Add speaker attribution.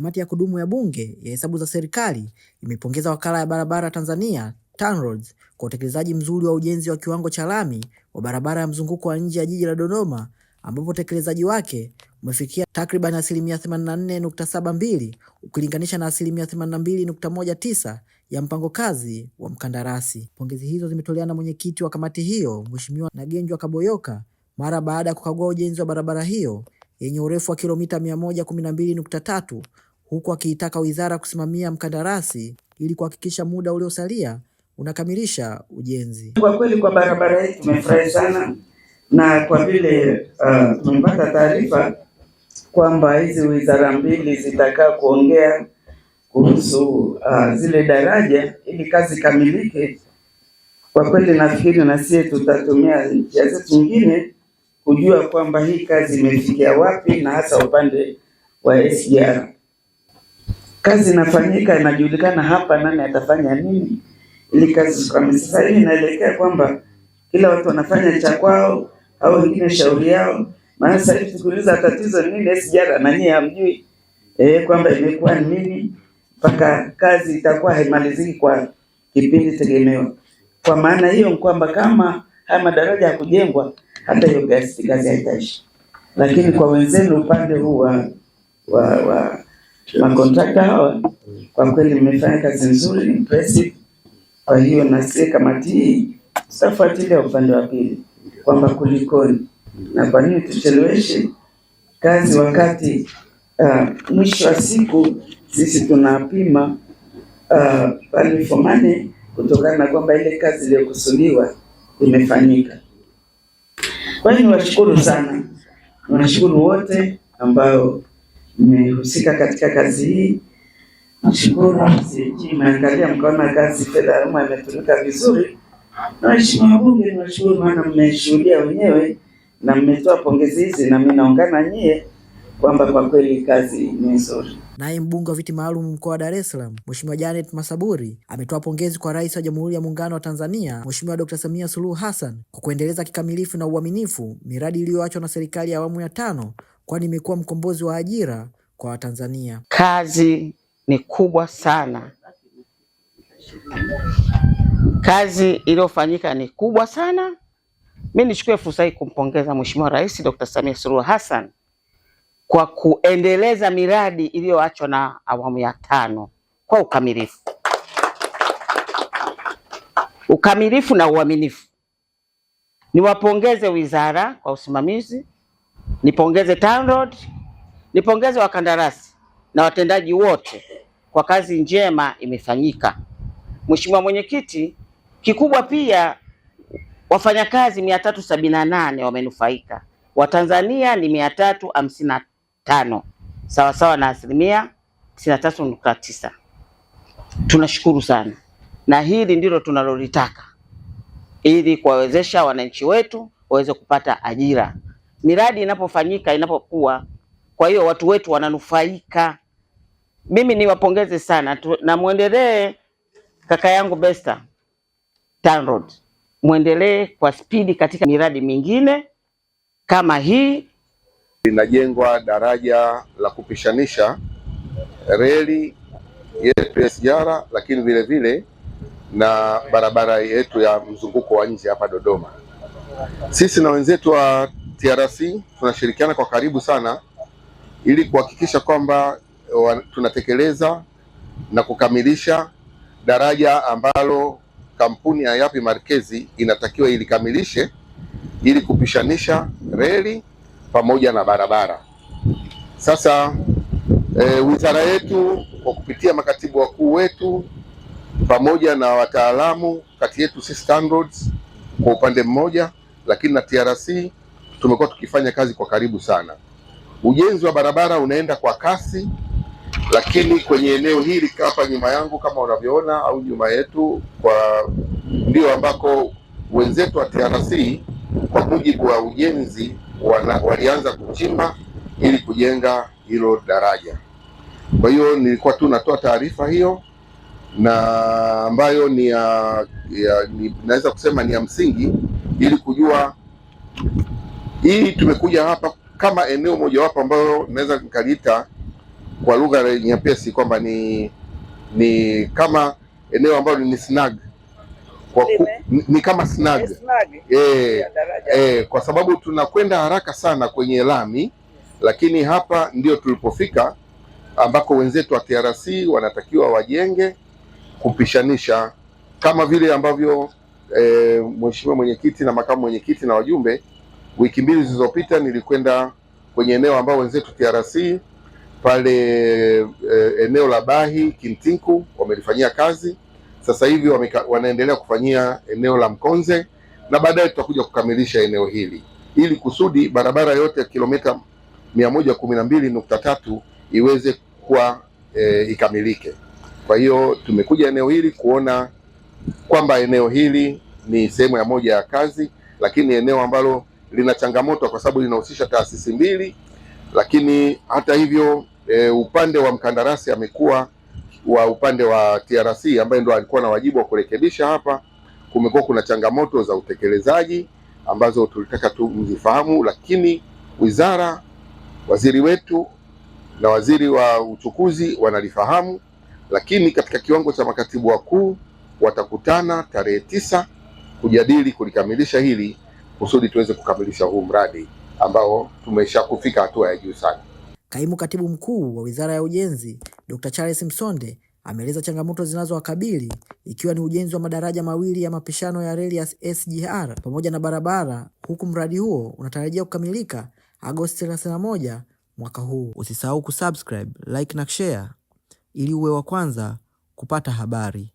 Speaker 1: Kamati ya kudumu ya Bunge ya hesabu za serikali imepongeza wakala ya barabara Tanzania TANROADS kwa utekelezaji mzuri wa ujenzi wa kiwango cha lami wa barabara ya mzunguko wa nje ya jiji la Dodoma ambapo utekelezaji wake umefikia takriban asilimia 84.72 ukilinganisha na asilimia 82.19 ya mpango kazi wa mkandarasi. Pongezi hizo zimetolewa na mwenyekiti wa kamati hiyo Mheshimiwa Nagenjwa Kaboyoka mara baada ya kukagua ujenzi wa barabara hiyo yenye urefu wa kilomita 112.3 huku akiitaka wizara kusimamia mkandarasi ili kuhakikisha muda uliosalia unakamilisha ujenzi.
Speaker 2: Kwa kweli kwa barabara hii tumefurahi sana, na kwa vile uh, tumepata uh, taarifa kwamba hizi wizara mbili zitakaa kuongea kuhusu uh, zile daraja ili kazi ikamilike. Kwa kweli nafikiri na sie tutatumia njia zetu nyingine kujua kwamba hii kazi imefikia wapi na hasa upande wa SGR kazi inafanyika, inajulikana hapa nani atafanya nini, ili kazi zisimame. Sasa hii inaelekea kwamba kila watu wanafanya cha kwao au wengine shauri yao. Maana sasa hivi tukiuliza tatizo nini, sijara na nyie hamjui eh, kwamba imekuwa nini mpaka kazi itakuwa haimaliziki kwa kipindi tegemeo. Kwa maana hiyo kwamba kama haya madaraja ya kujengwa, hata hiyo gasi gasi haitaishi. Lakini kwa wenzenu upande huu wa, wa, wa makontrakta hawa kwa kweli mmefanya kazi nzuri impressive. Kwa hiyo na sie kamati hii tutafuatilia upande wa pili kwamba kulikoni na kwa nini tucheleweshe kazi wakati uh, mwisho wa siku sisi tunapima uh, value for money kutokana na kwamba ile kazi iliyokusudiwa imefanyika. Kwa hiyo niwashukuru sana, niwashukuru wote ambao mmehusika katika kazi hii. Nashukuru msiji mkaona kazi fedha ya umma imetumika vizuri, na waheshimiwa wabunge, nashukuru maana mmeshuhudia wenyewe na mmetoa pongezi hizi, na mimi naungana nyie kwamba kwa kweli kazi ni nzuri.
Speaker 1: Naye mbunge wa viti maalum mkoa wa Dar es Salaam Mheshimiwa Janet Masaburi ametoa pongezi kwa Rais wa Jamhuri ya Muungano wa Tanzania Mheshimiwa Dr. Samia Suluhu Hassan kwa kuendeleza kikamilifu na uaminifu miradi iliyoachwa na serikali ya awamu ya tano kwani imekuwa mkombozi wa ajira kwa Watanzania.
Speaker 3: Kazi ni kubwa sana, kazi iliyofanyika ni kubwa sana. Mi nichukue fursa hii kumpongeza Mheshimiwa Rais Dr. Samia Suluhu Hassan kwa kuendeleza miradi iliyoachwa na awamu ya tano kwa ukamilifu, ukamilifu na uaminifu. Niwapongeze wizara kwa usimamizi Nipongeze TANROADS, nipongeze wakandarasi na watendaji wote kwa kazi njema imefanyika. Mheshimiwa Mwenyekiti, kikubwa pia wafanyakazi mia tatu sabini na nane wamenufaika, Watanzania ni mia tatu hamsini na tano sawasawa na asilimia tisini na tatu nukta tisa. Tunashukuru sana, na hili ndilo tunalolitaka ili kuwawezesha wananchi wetu waweze kupata ajira miradi inapofanyika inapokuwa. Kwa hiyo watu wetu wananufaika. Mimi niwapongeze sana tu, na muendelee kaka yangu Besta Tanrod, muendelee kwa spidi katika miradi mingine kama hii.
Speaker 4: Linajengwa daraja la kupishanisha reli yetu ya SGR, lakini vile vile na barabara yetu ya mzunguko wa nje hapa Dodoma. Sisi na wenzetu wa TRC tunashirikiana kwa karibu sana ili kuhakikisha kwamba eh, tunatekeleza na kukamilisha daraja ambalo kampuni ya Yapi Markezi inatakiwa ilikamilishe ili kupishanisha reli pamoja na barabara. Sasa e, wizara yetu kwa kupitia makatibu wakuu wetu pamoja na wataalamu kati yetu sisi TANROADS kwa upande mmoja, lakini na TRC tumekuwa tukifanya kazi kwa karibu sana. Ujenzi wa barabara unaenda kwa kasi, lakini kwenye eneo hili hapa nyuma yangu kama unavyoona au nyuma yetu, kwa ndio ambako wenzetu wa TRC kwa mujibu wa ujenzi wana, walianza kuchimba ili kujenga hilo daraja. Kwa hiyo nilikuwa tu natoa taarifa hiyo na ambayo ni ya, ya, ni, naweza kusema ni ya msingi ili kujua hii tumekuja hapa kama eneo mojawapo ambalo naweza nikaliita kwa lugha nyepesi kwamba ni ni kama eneo ambalo ni snag kwa ku, ni kama snag, snag. E, e, kwa sababu tunakwenda haraka sana kwenye lami yes. Lakini hapa ndio tulipofika ambako wenzetu wa TRC wanatakiwa wajenge kupishanisha kama vile ambavyo e, mheshimiwa mwenyekiti na makamu mwenyekiti na wajumbe Wiki mbili zilizopita nilikwenda kwenye eneo ambao wenzetu TRC pale e, eneo la Bahi Kintinku wamelifanyia kazi. Sasa hivi wanaendelea kufanyia eneo la Mkonze na baadaye tutakuja kukamilisha eneo hili ili kusudi barabara yote ya kilomita mia moja kumi na mbili nukta tatu iweze kuwa e, ikamilike. Kwa hiyo tumekuja eneo hili kuona kwamba eneo hili ni sehemu ya moja ya kazi, lakini eneo ambalo lina changamoto kwa sababu linahusisha taasisi mbili, lakini hata hivyo e, upande wa mkandarasi amekuwa wa upande wa TRC ambaye ndo alikuwa na wajibu wa kurekebisha hapa. Kumekuwa kuna changamoto za utekelezaji ambazo tulitaka tu mzifahamu, lakini wizara, waziri wetu na waziri wa uchukuzi wanalifahamu, lakini katika kiwango cha makatibu wakuu watakutana tarehe tisa kujadili kulikamilisha hili kusudi tuweze kukamilisha huu mradi ambao tumesha kufika hatua ya juu sana.
Speaker 1: Kaimu Katibu Mkuu wa Wizara ya Ujenzi, Dr. Charles Msonde ameeleza changamoto zinazowakabili ikiwa ni ujenzi wa madaraja mawili ya mapishano ya reli ya SGR pamoja na barabara, huku mradi huo unatarajia kukamilika Agosti 31 mwaka huu. Usisahau kusubscribe, like na share ili uwe wa kwanza kupata habari.